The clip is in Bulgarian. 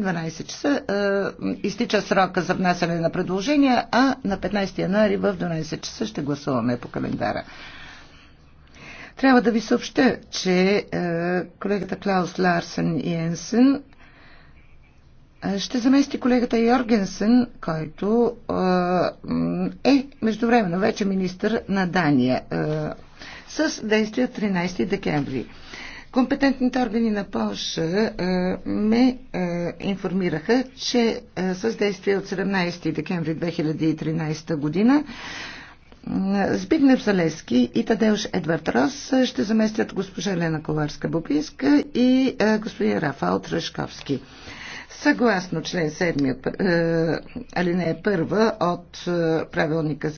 12 часа е, изтича срока за внасяне на предложения, а на 15 януари в 12 часа ще гласуваме по календара. Трябва да ви съобща, че е, колегата Клаус Ларсен и Енсен е, ще замести колегата Йоргенсен, който е междувременно вече министър на Дания с действие 13 декември. Компетентните органи на Польша ме информираха, че с действие от 17 декември 2013 година Збигнев Залески и Тадеуш Едвард Рос ще заместят госпожа Лена Коларска-Бобинска и господин Рафал Трашковски. Съгласно член 7, алинея 1 от правилника